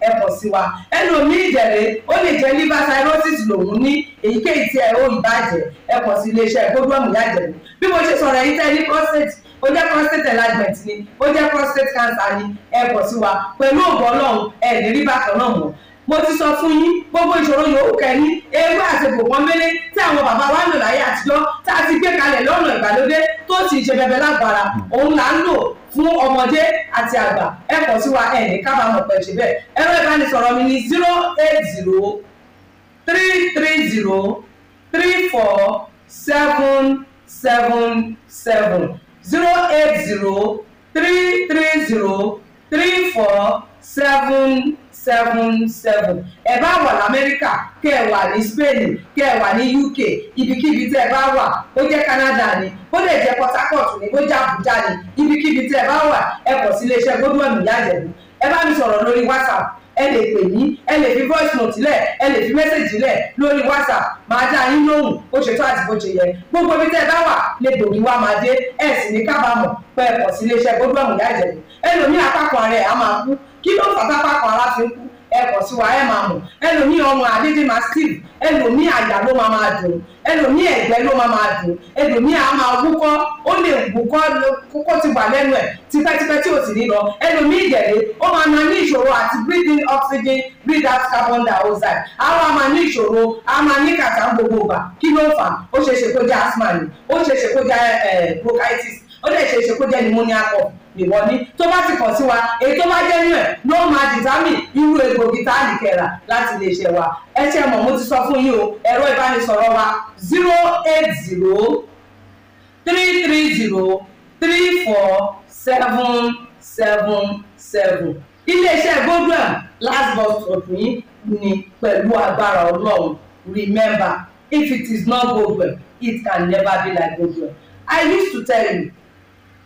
ẹ kàn sí wa ẹlòmíì ìjẹ̀lẹ̀ ó lè jẹ́ liver cirrhosis lòun ní èyíkéyìí tí ẹ ó ìbàjẹ́ ẹ kàn sí iléeṣẹ́ gbódúọ̀mù yájẹ̀lú bí mo ṣe sọ̀rọ̀ yìí tẹ́ prostate ó jẹ́ prostate enlargement ni ó jẹ́ prostate cancer ni ẹ kàn sí wa pẹ̀lú ògbọ́n náà ẹ̀ bákan náà mọ́ mo ti sọ fún yín gbogbo ìṣòro yòówù kẹ́ni ewé àti bòpọ́n mélé tí àwọn bàbá wa lò láyé àtijọ́ tá a ti gbé kalẹ̀ lọ́nà ìgbàlódé tó ti ṣe bẹbẹ lágbára òun là ń lò fún ọmọdé àti àgbà ẹ kọ sí wa ẹnì kábàámọ̀ pẹ̀ ṣe bẹ́ẹ̀ ẹ̀rọ ìbánisọ̀rọ̀ mi ni zero eight zero three three zero three four seven seven seven zero eight zero three three zero three four seven seven seven ẹ bá wà lamẹ́ríkà kẹ́ ẹ wà ní spain kẹ́ ẹ wà ní uk ibikíbi tẹ́ ẹ bá wà ó jẹ́ canada ni ó lè jẹ́ port harcourt ni ó jẹ́ abuja ni ibikíbi tẹ́ ẹ bá wà ẹ kọ̀ sí iléeṣẹ́ gbogbo ẹ̀mí yájẹ̀bù ẹ bá mi sọ̀rọ̀ lórí whatsapp ẹ lè pè mí ẹ lè fi voice note lẹ̀ ẹ lè fi message lẹ̀ lórí whatsapp máa dá yín lóhùn ó ṣètò àti bó ṣe yẹ gbogbo ibi tẹ́ ẹ bá wà lè gbòógì wá máa dé ẹ sì ní kábàámọ̀ pé ẹ kọ̀ sí iléeṣẹ́ gbogbo ẹ̀mí yájẹ̀bù ẹlòmíì apá kan rẹ̀ á máa kú kí ló fà tápá kan ara fi ń kú ẹ kọ̀ sí wa ẹ máa mọ̀ ẹlòmíì ọmọ àdédé máa steve ẹlòmíì àyà ló máa máa dùn ẹlòmíì ẹ̀gbẹ́ ló máa máa dùn ẹlòmíì á máa wúkọ́ ó lè wúkọ́ kókó ti wà lẹ́nu ẹ̀ tipẹ́tipẹ́ tí ò sì ní lọ ẹlòmíì ìdẹ̀lẹ́ ó máa máa ní ìṣòro àti breathe in oxygen breathe out carbon dioxide á wá máa ní ìṣòro á ní kàtà gbogbo ìgbà kí ló fà ó ṣeéṣe kó jẹ́ asthma ni ó ṣeéṣe kó jẹ́ bronchitis ó lè ṣe é ṣe kó jẹ́ pneumonia kọ̀ ìwọ ní tó bá ti kàn sí wa èyí tó bá jẹ́ nú ẹ̀ ló máa dìtámì irú egbògi tá a lè kẹ̀rà láti lè ṣe wa ẹ ṣe mọ̀ mo ti sọ fún yín o ẹ̀rọ ìbánisọ̀rọ̀ wa zero eight zero three three zero three four seven seven seven iléeṣẹ́ Godwin last but not least ni pẹ̀lú agbára ọlọ́run remember if it is not Godwin it can never be like Godwin I used to tell you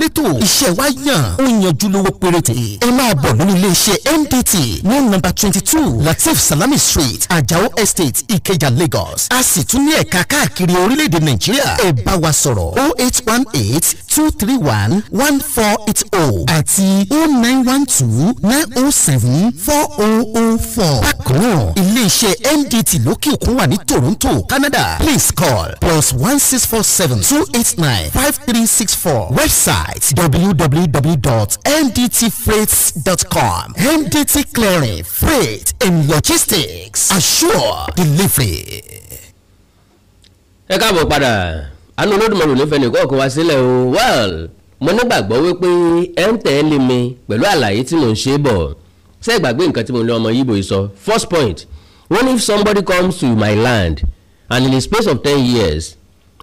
létò iṣẹ́ wa yàn ó yanjú lówó péréte ẹ máa bọ̀ nínú iléeṣẹ́ MDT ní nọ́mbà twenty two Latif Salami Street Ajao Estate Ikeja Lagos a sì tún ní ẹ̀ka káàkiri orílẹ̀-èdè Nàìjíríà ẹ bá wa sọ̀rọ̀ o oh eight one eight two three one one four eight o oh àti o oh nine one two nine o seven four o o four. bákan náà iléeṣẹ́ MDT lókè òkun wà ní Toronto Canada please call plus one six four seven two eight nine five three six four website website www.ndtfreights.com. MDT Clearing, Freight and Logistics Assure Delivery. ẹ káàbọ̀ padà àánú olódùmarè ò ní fẹ́ nìkan ọ̀kan wá sílẹ̀ o well mo nígbàgbọ́ wípé ẹ ń tẹ̀lé mi pẹ̀lú àlàyé tí mò ń ṣe bọ̀ ṣé ìgbàgbé nǹkan tí mo lé ọmọ yìí bò sọ first point when if somebody comes to my land and in the space of ten years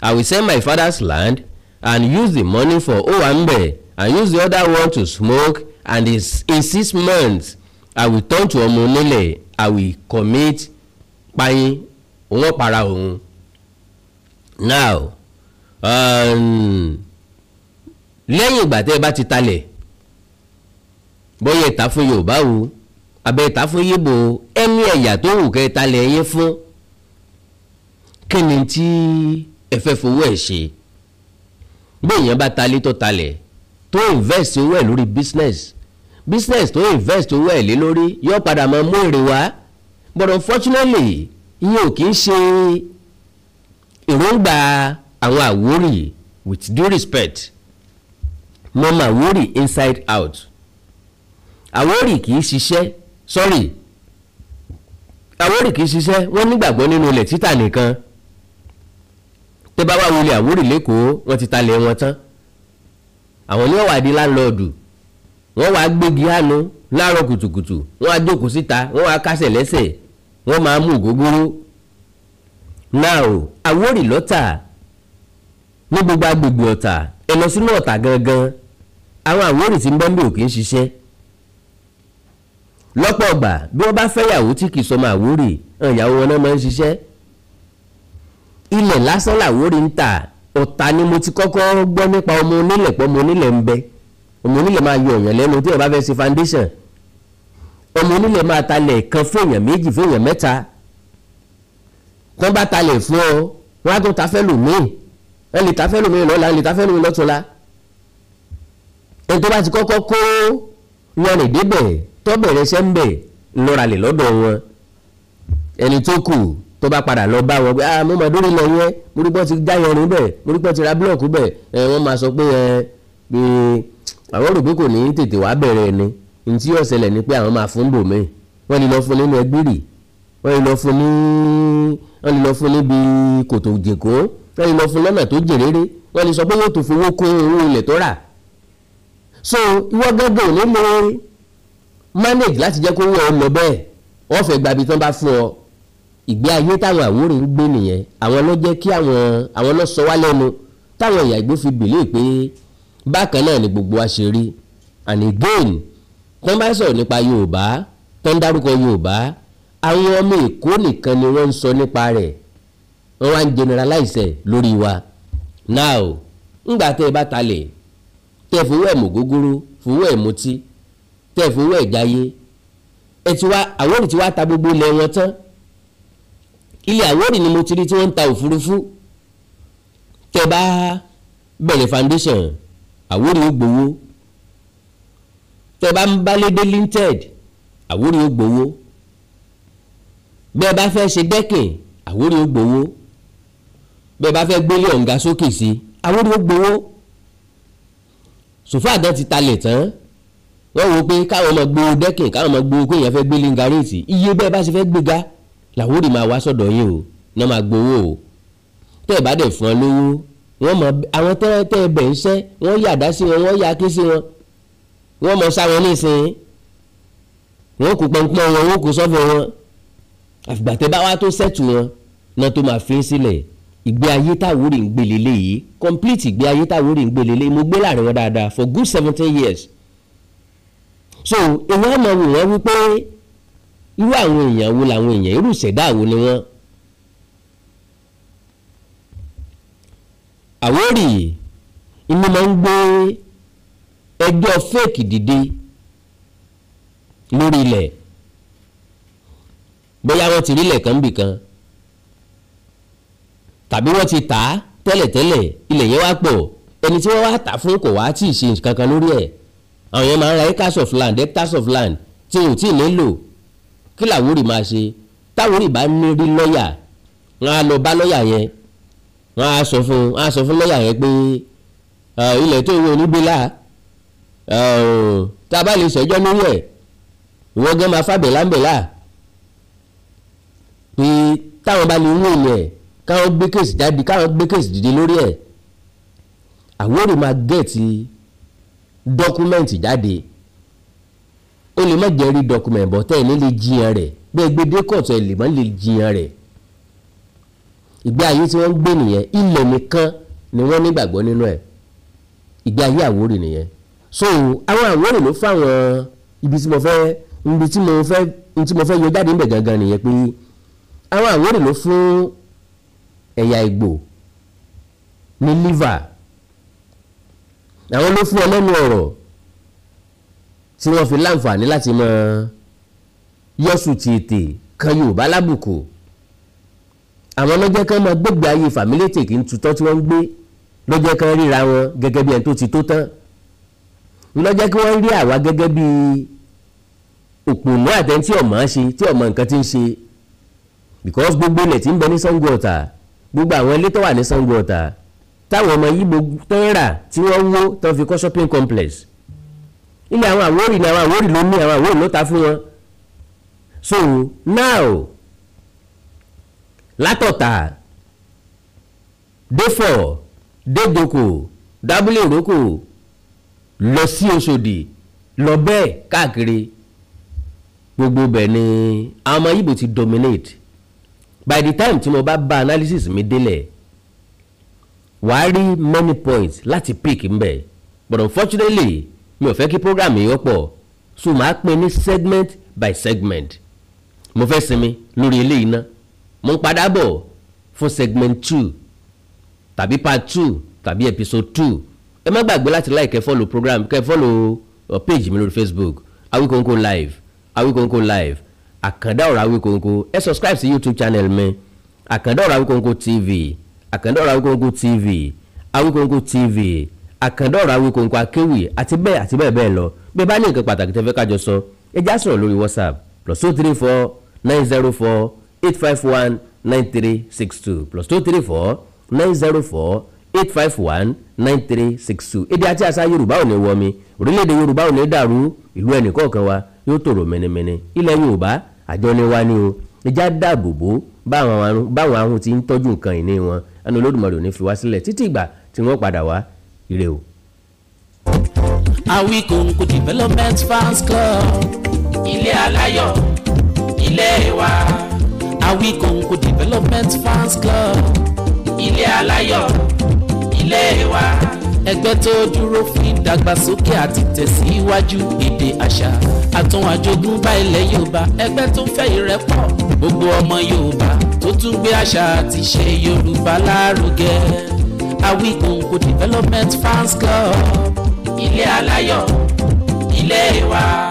I will sell my father's land and use the money for owambe and use the other one to smoke and in, in six months i will turn to ọmọ i will commit payin òun para òun now um, lẹ́yìn ìgbà tẹ́ ẹ bá ti talẹ̀ bóyá ìta fún yorùbá wo abẹ́ ìta fún yíbo ẹni ẹ̀yà tó wù kẹ́ ẹ talẹ̀ fún kí ni tí ẹ fẹ́ fowó ẹ̀ ṣe bí èèyàn bá ta ilé tó talẹ̀ tó invest owó ẹ̀ lórí business business tó invest owó ẹ̀ lé lórí yóò padà máa mú èrè wá but unfortunately ìyẹn ò kì í ṣe èròǹgbà àwọn Àwórì with due respect mọ́ mà Àwórì inside out Àwórì kì í ṣiṣẹ́ sorry Àwórì kì í ṣiṣẹ́ wọ́n nígbàgbọ́ nínú ilẹ̀ títà nìkan tẹ́ bá wà wọlé Àwórì lẹ́kọ̀ọ́ wọ́n ti talẹ̀ wọn tán àwọn ní ọ̀wà di láńlọ́ọ̀dù wọ́n wàá gbégi àánú láàárọ̀ kùtùkùtù wọ́n á jókòó síta wọ́n á kásẹ̀ lẹ́sẹ̀ wọ́n máa mú ògógóró náà o Àwórì lọ́tà ní gbogbo agbègbè ọ̀tà ẹ lọ sínú ọ̀tà gangan àwọn Àwórì tí ń bọ́ ń bò kì í ṣiṣẹ́ lọ́pọ̀ ọgbà bí wọ́n bá fẹ́yàwó tí kì í sọmọ Àwórì ẹ̀yàwó wọn náà máa ń ṣiṣẹ́ ilẹ̀ lásán làwórí ń tà ọ̀tà ni mo ti kọ́kọ́ gbọ́ nípa ọmọ onílẹ̀ pọ̀ ọmọ onílẹ̀ ń bẹ ọmọ onílẹ̀ máa yọ èèyàn lẹ́nu tí ẹ bá fẹ́ ṣe foundation ọmọ onílẹ̀ máa talẹ̀ kan fèèyàn méjì fèèyàn mẹ́ta tán bá talẹ̀ fún ọ wọn á tún ta fẹ́ lòmíì ẹ lè ta lòmíì lọ́la ẹ lè ta lòmíì lọ́túnla ẹni tó bá ti kọ́kọ́ kó yọrin débẹ̀ tọ́bẹ̀rẹ̀ ṣẹ́ ń bẹ̀ lọ́ra lè lọ́dọ̀ wọn ẹni tó kù tó bá padà lọ bá wọn pé ah mo mọ̀ lórí ilẹ̀ yẹn mo rí pọ́n ti já yẹn rìn bẹ́ẹ̀ mo rí pọ́n ti ra búlọ̀kù bẹ́ẹ̀ ẹ wọ́n máa sọ pé ẹ pé àwọn rò pé kò ní tètè wá bẹ̀rẹ̀ ni n tí yóò ṣẹlẹ̀ ni pé àwọn máa fún bòmí wọ́n lè lọ fún nínú ẹgbìrì wọ́n lè lọ fún ní wọ́n lè lọ fún níbi kòtò jèkó wọ́n lè lọ fún lọ́nà tó jèrèrè wọ́n lè sọ pé yóò tó fowó kún owó ilẹ̀ tó rà so ìwọ gángan ò ní lè manage láti jẹ́ kó wọ́n lọ bẹ́ẹ̀ wọ́n fẹ́ gbabi tán bá fún ọ ìgbé ayé táwọn àwòrò ń gbé nìyẹn àwọn ló jẹ́ kí àwọn àwọn ló sọ wá lẹ́nu táwọn ẹ̀yà Ìgbò fi bèlè pé bákan náà ni gbogbo wa ṣe rí and again tán bá sọ̀rọ̀ nípa Yorùbá tán dárúkọ Yorùbá àwọn ọmọ Èkó nìkan ni wọ́n ń sọ nípa rẹ̀ wọ́n wá ń generalize lórí wa now ńgbà tẹ́ ẹ bá talẹ̀ tẹ́ ẹ fowó ẹ̀ mọ̀ gógóró fowó ẹ̀ mutí tẹ́ ẹ fowó ẹ̀ jayé ẹ ti wá àwọn ò ti wá ta gbogbo ilẹ̀ wọn tán ilé àwọ́rì ni mo ti rí tí wọ́n ń ta òfurufú tẹ́ bá bẹ̀rẹ̀ foundation àwórì ó gbowó tẹ́ bá ń bá lédè linted àwórì ó gbowó bẹ́ẹ̀ bá fẹ́ ṣe dẹ́kìn àwórì ó gbowó bẹ́ẹ̀ bá fẹ́ gbélé ọ̀ǹga sókè sí àwórì ó gbowó sòfò àdán ti talẹ̀ tán wọ́n wo pé káwọn ọmọ gbowó dẹ́kìn káwọn ọmọ gbowó pé èèyàn fẹ́ gbélé ń iye bẹ́ẹ̀ bá ṣe fẹ́ gbéga làwọn ò rí máa wá sọ̀dọ̀ yín o náà máa gbowó o tẹ́ ẹ̀ bá dẹ̀ fún ọ lówó wọ́n mọ àwọn tẹ́ tẹ́ ẹ bẹ̀ ń ṣẹ́ wọ́n yàdá sí wọn wọ́n yà ké sí wọn wọ́n mọ sá wọn wọ́n kó pọnpọ́n wọn wọ́n kó sọ́fọ̀ wọn àfìgbà tẹ́ bá wá tó sẹ́tù wọn náà tó máa fi ń sílẹ̀ ìgbé ayé táwórì ń gbé lélẹ̀ yìí complete ìgbé ayé táwórì ń gbé lélẹ̀ mo gbé láàrin wọn dáadáa for good seventeen years so èèyàn mọ̀ wò wọ́n wípé irú àwọn èèyàn wo làwọn èèyàn irú ìṣẹ̀dá wo ni wọ́n. Àwórì inú máa ń gbé ẹgbẹ́ fẹ́ẹ̀kì dìde lórí ilẹ̀ bóyá wọ́n ti rí ilẹ̀ kan bìkan tàbí wọ́n ti tà á tẹ́lẹ̀tẹ́lẹ̀ ilẹ̀ yẹn wá pọ̀ ẹni tí wọ́n wá tà fún kò wá tí ì ṣe nǹkan lórí ẹ̀ àwọn yẹn máa ń ra acres of land hectares of land tí ò tí ì nílò kí làwórì máa ṣe táwórì bá ní rí lọ́ọ̀yà wọn á lọ bá lọ́ọ̀yà yẹn wọn á sọ fún wọn á sọ fún lọ́ọ̀yà yẹn pé ilẹ̀ tó ìwé onígbélà tá a bá lè ṣẹjọ́ lórí ẹ̀ ìwọ gan máa fàbẹ̀ láńbẹ̀là pé táwọn bá lè ń wò ilẹ̀ káwọn gbé kéèsì jáde káwọn gbé kéèsì dìde lórí ẹ̀ àwórì máa gẹ̀ẹ́tì dọ́kúmẹ́ǹtì jáde ó lè má jẹ́ rí document bọ́ tẹ́ ẹ̀ ní lè jiyàn rẹ̀ bẹ́ẹ̀ gbé ẹ̀ lè má lè jiyàn rẹ̀ ìgbé ayé tí wọ́n gbé nìyẹn ilẹ̀ nìkan ni wọ́n nígbàgbọ́ nínú ẹ̀ so àwọn Àwórì ló fáwọn ibi tí mo fẹ́ ibi tí mo fẹ́ tí mo fẹ́ yọ jáde níbẹ̀ gangan nìyẹn pé àwọn Àwórì ló fún ẹ̀yà tí wọ́n fi láǹfààní láti mọ yọ́sù ti ètè kan Yorùbá lábùkù àwọn lọ́jọ́ kan máa gbégbé ayé fàmílétè kì í tutọ́ tí wọ́n ń gbé lọ́jọ́ kan ríra wọn gẹ́gẹ́ bí ẹni tó ti tó tán lọ́jọ́ kí wọ́n rí àwa gẹ́gẹ́ bí òpònú àtẹ́ni tí ọmọ ṣe tí ọmọ nǹkan ti ń ṣe because gbogbo ilẹ̀ tí ń bẹ ní Sango Ọ̀tà gbogbo àwọn ilé tó wà ní Sango Ọ̀tà táwọn ọmọ yìí tán rà tí wọ́n wó tán fi kọ́ shopping complex ilé àwọn Àwórì ni àwọn Àwórì ló ní àwọn Àwórì ló ta fún wọn so now látọ̀tà défọ̀ dédoko dábúlé ìrókò lọ sí Ọ̀ṣọ́dì lọ bẹ́ẹ̀ káàkiri gbogbo bẹ̀ ni àwọn ọmọ Ìgbò ti dominate by the time tí mo bá bá analysis mi délẹ̀ wàá rí many points láti pick mbẹ̀ but unfortunately mi ò fẹ́ kí program yìí ọ̀pọ̀ so màá pín ní segment by segment mo fẹ́ sinmi lórí eléyìí ná mo ń padà bọ̀ fún segment two tàbí part two tàbí episode two ẹ má gbàgbé láti like kẹ́ follow program kẹ́ follow uh, page mi lórí Facebook Awikonko live Awikonko live àkàndá ọ̀rọ̀ Awikonko ẹ subscribe sí YouTube channel mi àkàndá ọ̀rọ̀ Awikonko TV àkàndá ọ̀rọ̀ Awikonko TV Awikonko TV àkàndọ̀rọ̀ Awíkòǹkò akéwì àti bẹ́ẹ̀ àti bẹ́ẹ̀ bẹ́ẹ̀ lọ bí ẹ bá ní nǹkan pàtàkì tẹ́ fẹ́ kájọ sọ ẹ já sọ̀rọ̀ lórí whatsapp plus two three four nine zero four eight five one nine three six two plus two three four nine zero four eight five one nine three six two èdè àti àṣà yorùbá ò ní wọmi orílẹ̀-èdè yorùbá ò ní dàrú ìlú ẹnìkọ̀ọ̀kan wa yóò tòrò mẹ́nẹ́mẹ́nẹ́ ilẹ̀ yorùbá àjọni wa ni o ẹja dáàbò bò báwọn ahun ti ń tọ́jú nǹkan ìní wọn ẹni olódùmarè ò ní fi wá sílẹ̀ títí ìgbà tí wọ́n padà wá ire o. Awikonko development fans club ilé aláyọ̀ ilé wa. Awikonko development fans club ilé aláyọ̀ ilé wa. ẹgbẹ́ tó dúró fún ìdàgbàsókè àti tẹ̀síwájú èdè àṣà àtún àjogúnbá ilẹ̀ Yorùbá ẹgbẹ́ tó ń fẹ́ ìrẹ́pọ̀ gbogbo ọmọ Yorùbá tó tún gbé àṣà àti ṣe Yorùbá lárugẹ Awikonko Development Fans Club ilé aláyọ̀ ilé wa.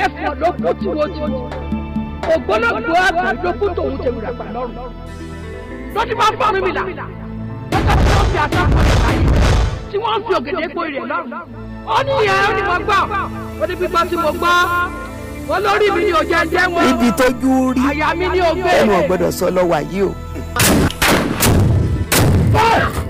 ẹ̀fọ́ ló kú tiwotiwo ògbólógbò àgbẹ̀ ló kú tòun tèmi rà pa lọ́rùn lọ́dún bá fọ́ mi là lọ́jọ́ tí wọ́n fi àtàkùn rẹ̀ láyé tí wọ́n fi ògèdè gbó rẹ̀ lọ́rùn ó ní ìyẹn ó ní mo gbà ó ní pípa tí mo gbà wọ́n lórí mi ni òjẹ́ jẹ́ wọn ibi tójú rí àyà mi ni ògbé ẹnu ò gbọ́dọ̀ sọ lọ́wọ́ ayé o.